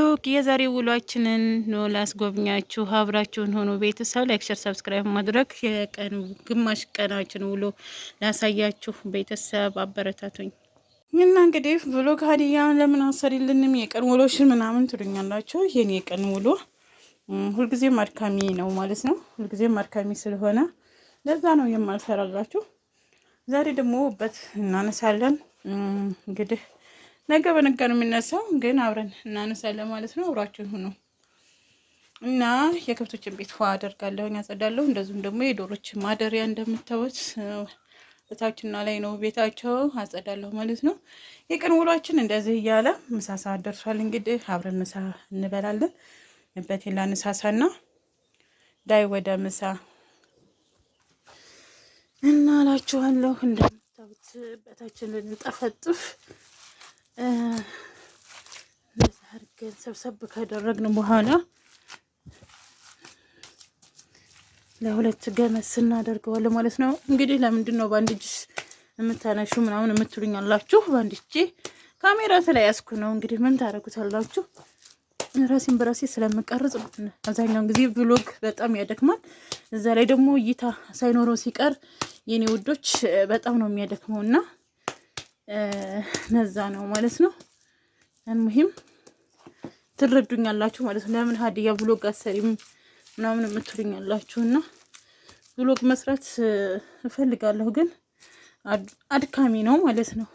ብሩክ የዛሬ ውሏችንን ኖ ላስጎብኛችሁ። አብራችሁን ሆኖ ቤተሰብ ላይክሸር ሰብስክራይብ ማድረግ የቀን ግማሽ ቀናችን ውሎ ላሳያችሁ። ቤተሰብ አበረታቱኝ እና እንግዲህ ብሎግ ሀዲያ ለምን አሰሪልንም የቀን ውሎሽን ምናምን ትሉኛላችሁ። ይህን የቀን ውሎ ሁልጊዜም አድካሚ ነው ማለት ነው። ሁልጊዜም አድካሚ ስለሆነ ለዛ ነው የማልሰራላችሁ። ዛሬ ደግሞ በት እናነሳለን እንግዲህ ነገ በነጋ ነው የሚነሳው፣ ግን አብረን እናነሳለን ማለት ነው። አብራችሁን ሁኑ እና የከብቶችን ቤት ፏ አደርጋለሁ፣ ያጸዳለሁ። እንደዚሁም ደግሞ የዶሮች ማደሪያ እንደምታዩት እታችና ላይ ነው ቤታቸው፣ አጸዳለሁ ማለት ነው። የቀን ውሏችን እንደዚህ እያለ ምሳ ሰዓት ደርሷል። እንግዲህ አብረን ምሳ እንበላለን። በቴላ ንሳሳና ዳይ ወደ ምሳ እና አላችኋለሁ። እንደምታዩት በታችን ልንጠፈጥፍ በዛ አድርገን ሰብሰብ ካደረግን በኋላ ለሁለት ገመስ እናደርገዋለን ማለት ነው። እንግዲህ ለምንድን ነው በአንድ የምታነሹ ምናምን የምትሉኝ አላችሁ። በአንድ እጄ ካሜራ ስለያዝኩ ነው። እንግዲህ ምን ታደርጉታላችሁ? ራሴን በራሴ ስለምቀርጽ አብዛኛውን ጊዜ ብሎግ በጣም ያደክማል። እዛ ላይ ደግሞ እይታ ሳይኖረው ሲቀር የኔ ውዶች በጣም ነው የሚያደክመው እና ነዛ ነው ማለት ነው። ሙሂም ትረዱኛላችሁ ማለት ነው። ለምን ሀዲያ ብሎግ አሰሪም ምናምን የምትሉኛላችሁ እና ብሎግ መስራት እፈልጋለሁ ግን አድካሚ ነው ማለት ነው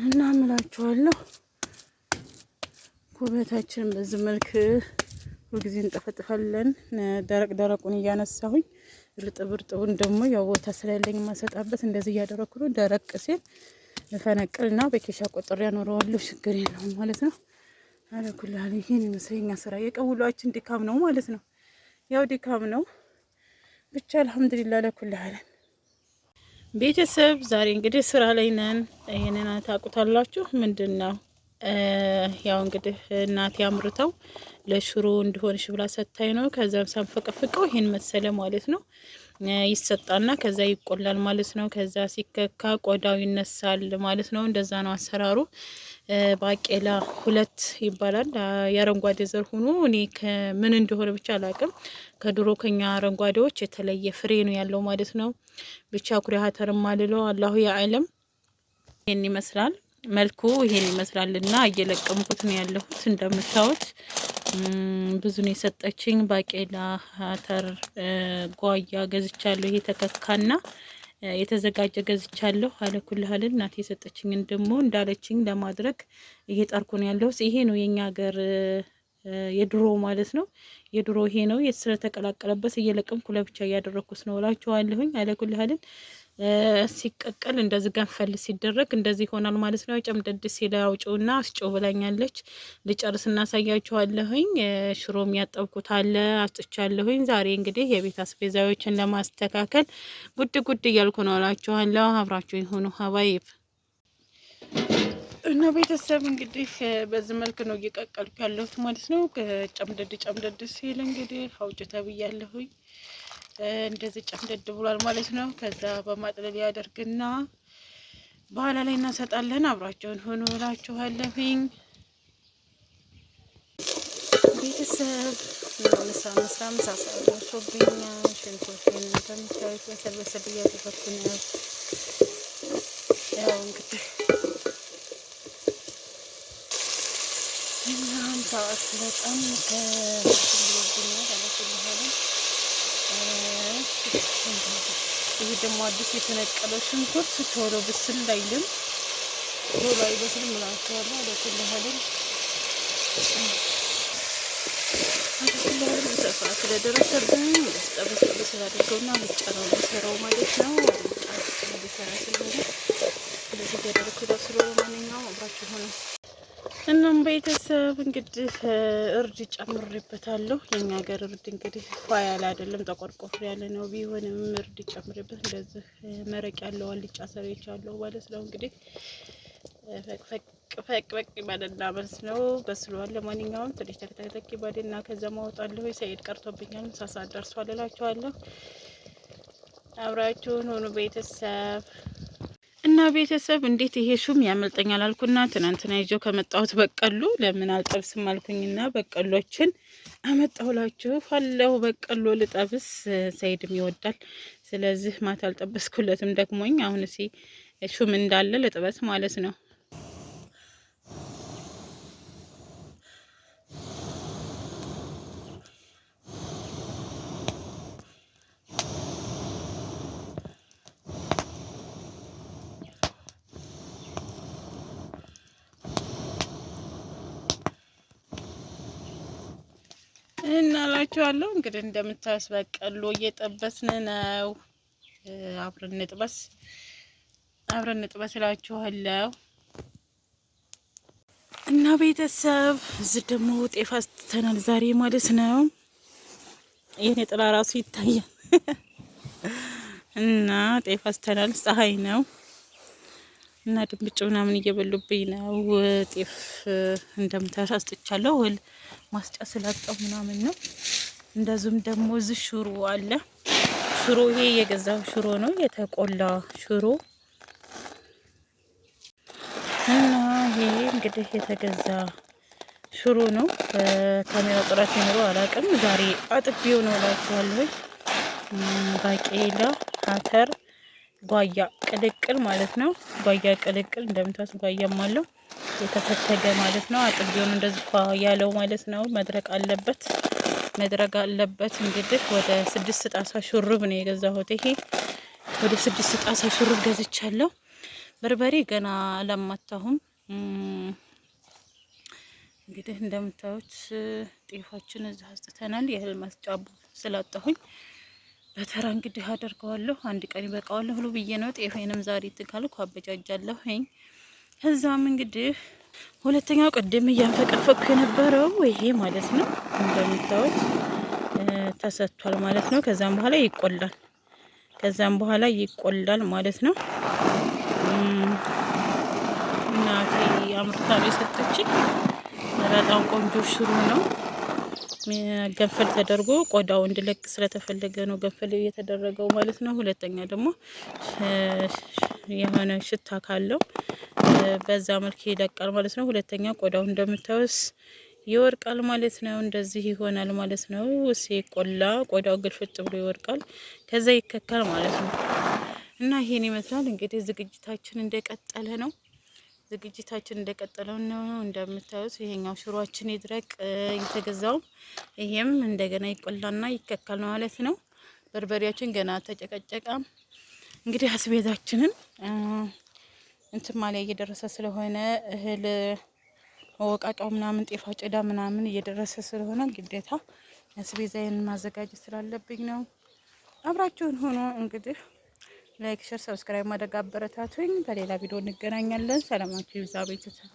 እና ምላችኋለሁ። ኩበታችንን በዚህ መልክ ሁልጊዜ እንጠፈጥፋለን። ደረቅ ደረቁን እያነሳሁኝ እርጥብ እርጥቡን ደግሞ ያው ቦታ ስለሌለኝ የማሰጣበት እንደዚህ እያደረኩ ነው። ደረቅ ሲል ፈነቅልና በኬሻ ቆጥሬ ያኖረዋለሁ። ችግር የለውም ማለት ነው። አለኩላል ይህን መስለኛ ስራ የቀውሏችን ድካም ነው ማለት ነው። ያው ድካም ነው ብቻ አልሐምዱሊላ አለኩላለን ቤተሰብ ዛሬ እንግዲህ ስራ ላይ ነን። ይህንን ታውቁታላችሁ ምንድን ነው ያው እንግዲህ እናቴ አምርተው ለሽሮ እንዲሆንሽ ብላ ሰታይ ነው። ከዛም ሳንፈቀፍቀው ይህን መሰለ ማለት ነው ይሰጣና ከዛ ይቆላል ማለት ነው። ከዛ ሲከካ ቆዳው ይነሳል ማለት ነው። እንደዛ ነው አሰራሩ። ባቄላ ሁለት ይባላል። የአረንጓዴ ዘር ሆኖ እኔ ምን እንደሆነ ብቻ አላቅም። ከድሮ ከኛ አረንጓዴዎች የተለየ ፍሬ ነው ያለው ማለት ነው። ብቻ ኩሪያ ሀተርም አልለው አላሁ የአለም ይህን ይመስላል። መልኩ ይሄን ይመስላልና እየለቀምኩት ነው ያለሁት። እንደምታዩት ብዙ ነው የሰጠችኝ። ባቄላ፣ አተር፣ ጓያ ገዝቻለሁ። ይሄ ተከካና የተዘጋጀ ገዝቻለሁ። አለኩልህል እናቴ የሰጠችኝን ደግሞ እንዳለችኝ ለማድረግ እየጠርኩ ነው ያለሁት። ይሄ ነው የኛ ሀገር የድሮ ማለት ነው። የድሮ ይሄ ነው ስለተቀላቀለበት እየለቀምኩ ለብቻ እያደረግኩት ነው እላችኋለሁኝ። አለኩልህልን ሲቀቀል እንደዚህ ገንፈል ሲደረግ እንደዚህ ይሆናል ማለት ነው። ጨምደድ ሲል አውጪውና አስጮ ብላኛለች። ልጨርስ እናሳያችኋለሁኝ። ሽሮም ያጠብኩት አለ አስጥቻለሁኝ። ዛሬ እንግዲህ የቤት አስቤዛዎችን ለማስተካከል ጉድ ጉድ እያልኩ ነው እላችኋለሁ። አብራችሁ የሆኑ ሀባይብ እና ቤተሰብ እንግዲህ በዚህ መልክ ነው እየቀቀልኩ ያለሁት ማለት ነው። ጨምደድ ጨምደድ ሲል እንግዲህ አውጭ ተብያለሁኝ። እንደዚህ ጨምደድ ብሏል ማለት ነው። ከዛ በማጥለል ያደርግና በኋላ ላይ እናሰጣለን። አብራቸውን ሆኖ እላችኋለሁኝ ቤተሰብ ምሳ ምሳ ምሳ ሰዓት ወሶብኛል። ሽንቶችን እንደምታዩት በሰል በሰል እያደረኩ ነው። ያው እንግዲህ እና ሰዓት በጣም ከሽንቶችን ነው ተመስል ይሄ ደግሞ አዲስ የተነቀለው ሽንኩርት ቶሎ ብስል አይልም፣ ቶሎ አይበስልም ምላቸዋለ አለኩል ያህልን ሰፋ ያህልን በሰፋ ስለደረሰብን ለስጣ በስል በስል አድርገውና ልጫ ነው የሚሰራው ማለት ነው። ልጫ ስለሆነ እንደዚህ ያደረኩ ስለሆነ ማንኛውም አብራችሁ ሆነ እናም ቤተሰብ እንግዲህ እርድ ጨምሬበታለሁ። የኛ ሀገር እርድ እንግዲህ ፏ ያለ አይደለም፣ ጠቆርቆር ያለ ነው። ቢሆንም እርድ ጨምሬበት እንደዚህ መረቅ ያለው አልጫ ሰርቻለሁ ማለት ነው። እንግዲህ ፈቅ ፈቅ ፈቅ ይባልና መልስ ነው በስሏል። ለማንኛውም ትንሽ ተክተክተክ ይባልና ከዛ ማወጣለሁ። ሰይድ ቀርቶብኛል፣ ምሳ ሰዓት ደርሷል እላችኋለሁ። አብራችሁን ሆኑ ቤተሰብ እና ቤተሰብ እንዴት ይሄ ሹም ያመልጠኛል አልኩና ትናንትና ይዤው ከመጣሁት በቀሉ ለምን አልጠብስም አልኩኝና በቀሎችን አመጣሁላችሁ አለሁ። በቀሎ ልጠብስ ሰይድም ይወዳል። ስለዚህ ማታ አልጠበስኩለትም ደግሞኝ። አሁን እሲ ሹም እንዳለ ልጥበስ ማለት ነው። ብያቸዋለሁ። እንግዲህ እንደምታዩት በቆሎ እየጠበስን ነው። አብረን ንጥበስ፣ አብረን ንጥበስ እላችኋለሁ። እና ቤተሰብ እዚህ ደግሞ ጤፍ አስተናል ዛሬ ማለት ነው። የኔ ጥላ ራሱ ይታያል። እና ጤፍ አስተናል ፀሐይ ነው። እና ድንብጭ ምናምን እየበሉብኝ ነው። ጤፍ እንደምታሽ አስጥቻለሁ። እህል ማስጫ ስላጣው ምናምን ነው። እንደዚሁም ደግሞ እዚህ ሽሮ አለ። ሽሮ ይሄ የገዛው ሽሮ ነው፣ የተቆላ ሽሮ እና ይሄ እንግዲህ የተገዛ ሽሮ ነው። ካሜራ ጥራት ኑሮ አላውቅም። ዛሬ አጥቢው ነው እላቸዋለሁ። ባቄላ አተር ጓያ ቅልቅል ማለት ነው። ጓያ ቅልቅል እንደምታስ ጓያም አለው የተፈተገ ማለት ነው። አጥቢውን እንደዚህ ያለው ማለት ነው። መድረቅ አለበት መድረቅ አለበት። እንግዲህ ወደ ስድስት ጣሳ ሹሩብ ነው የገዛሁት። ይሄ ወደ ስድስት ጣሳ ሹሩብ ገዝቻለሁ። በርበሬ ገና አላማታሁም። እንግዲህ እንደምታዩት ጤፋችን እዚህ አስጥተናል። የእህል ማስጫ ስላጣሁኝ በተራ እንግዲህ አደርገዋለሁ። አንድ ቀን ይበቃዋለሁ ብሎ ብዬ ነው። ጤፌንም ዛሬ ትካልኩ አበጃጃለሁ። ከዛም እንግዲህ ሁለተኛው ቅድም እያንፈቀፈኩ የነበረው ይሄ ማለት ነው እንደምታዩት ተሰጥቷል ማለት ነው። ከዛም በኋላ ይቆላል። ከዛም በኋላ ይቆላል ማለት ነው። እናቴ አምርታ ነው የሰጠችኝ። በጣም ቆንጆ ሽሮ ነው። ገንፈል ተደርጎ ቆዳው እንዲለቅ ስለተፈለገ ነው ገንፈል እየተደረገው ማለት ነው። ሁለተኛ ደግሞ የሆነ ሽታ ካለው በዛ መልክ ይለቃል ማለት ነው። ሁለተኛ ቆዳው እንደምታዩስ ይወርቃል ማለት ነው። እንደዚህ ይሆናል ማለት ነው። ሲቆላ ቆዳው ግልፍጥ ብሎ ይወርቃል፣ ከዛ ይከከል ማለት ነው። እና ይሄን ይመስላል እንግዲህ ዝግጅታችን እንደቀጠለ ነው። ዝግጅታችን እንደቀጠለው ነው። እንደምታዩት ይሄኛው ሽሯችን ይድረቅ የተገዛው ይሄም እንደገና ይቆላና ይከከል ማለት ነው። በርበሬያችን ገና ተጨቀጨቀ። እንግዲህ አስቤዛችንን እንትን ማሊያ እየደረሰ ስለሆነ እህል መወቃጫው ምናምን ጤፋ ጭዳ ምናምን እየደረሰ ስለሆነ ግዴታ አስቤዛዬን ማዘጋጀት ስላለብኝ ነው። አብራችሁን ሆኖ እንግዲህ ላይክ፣ ሸር፣ ሰብስክራይብ ማድረግ አበረታቱኝ። በሌላ ቪዲዮ እንገናኛለን። ሰላማችሁ ይብዛ ቤተሰብ።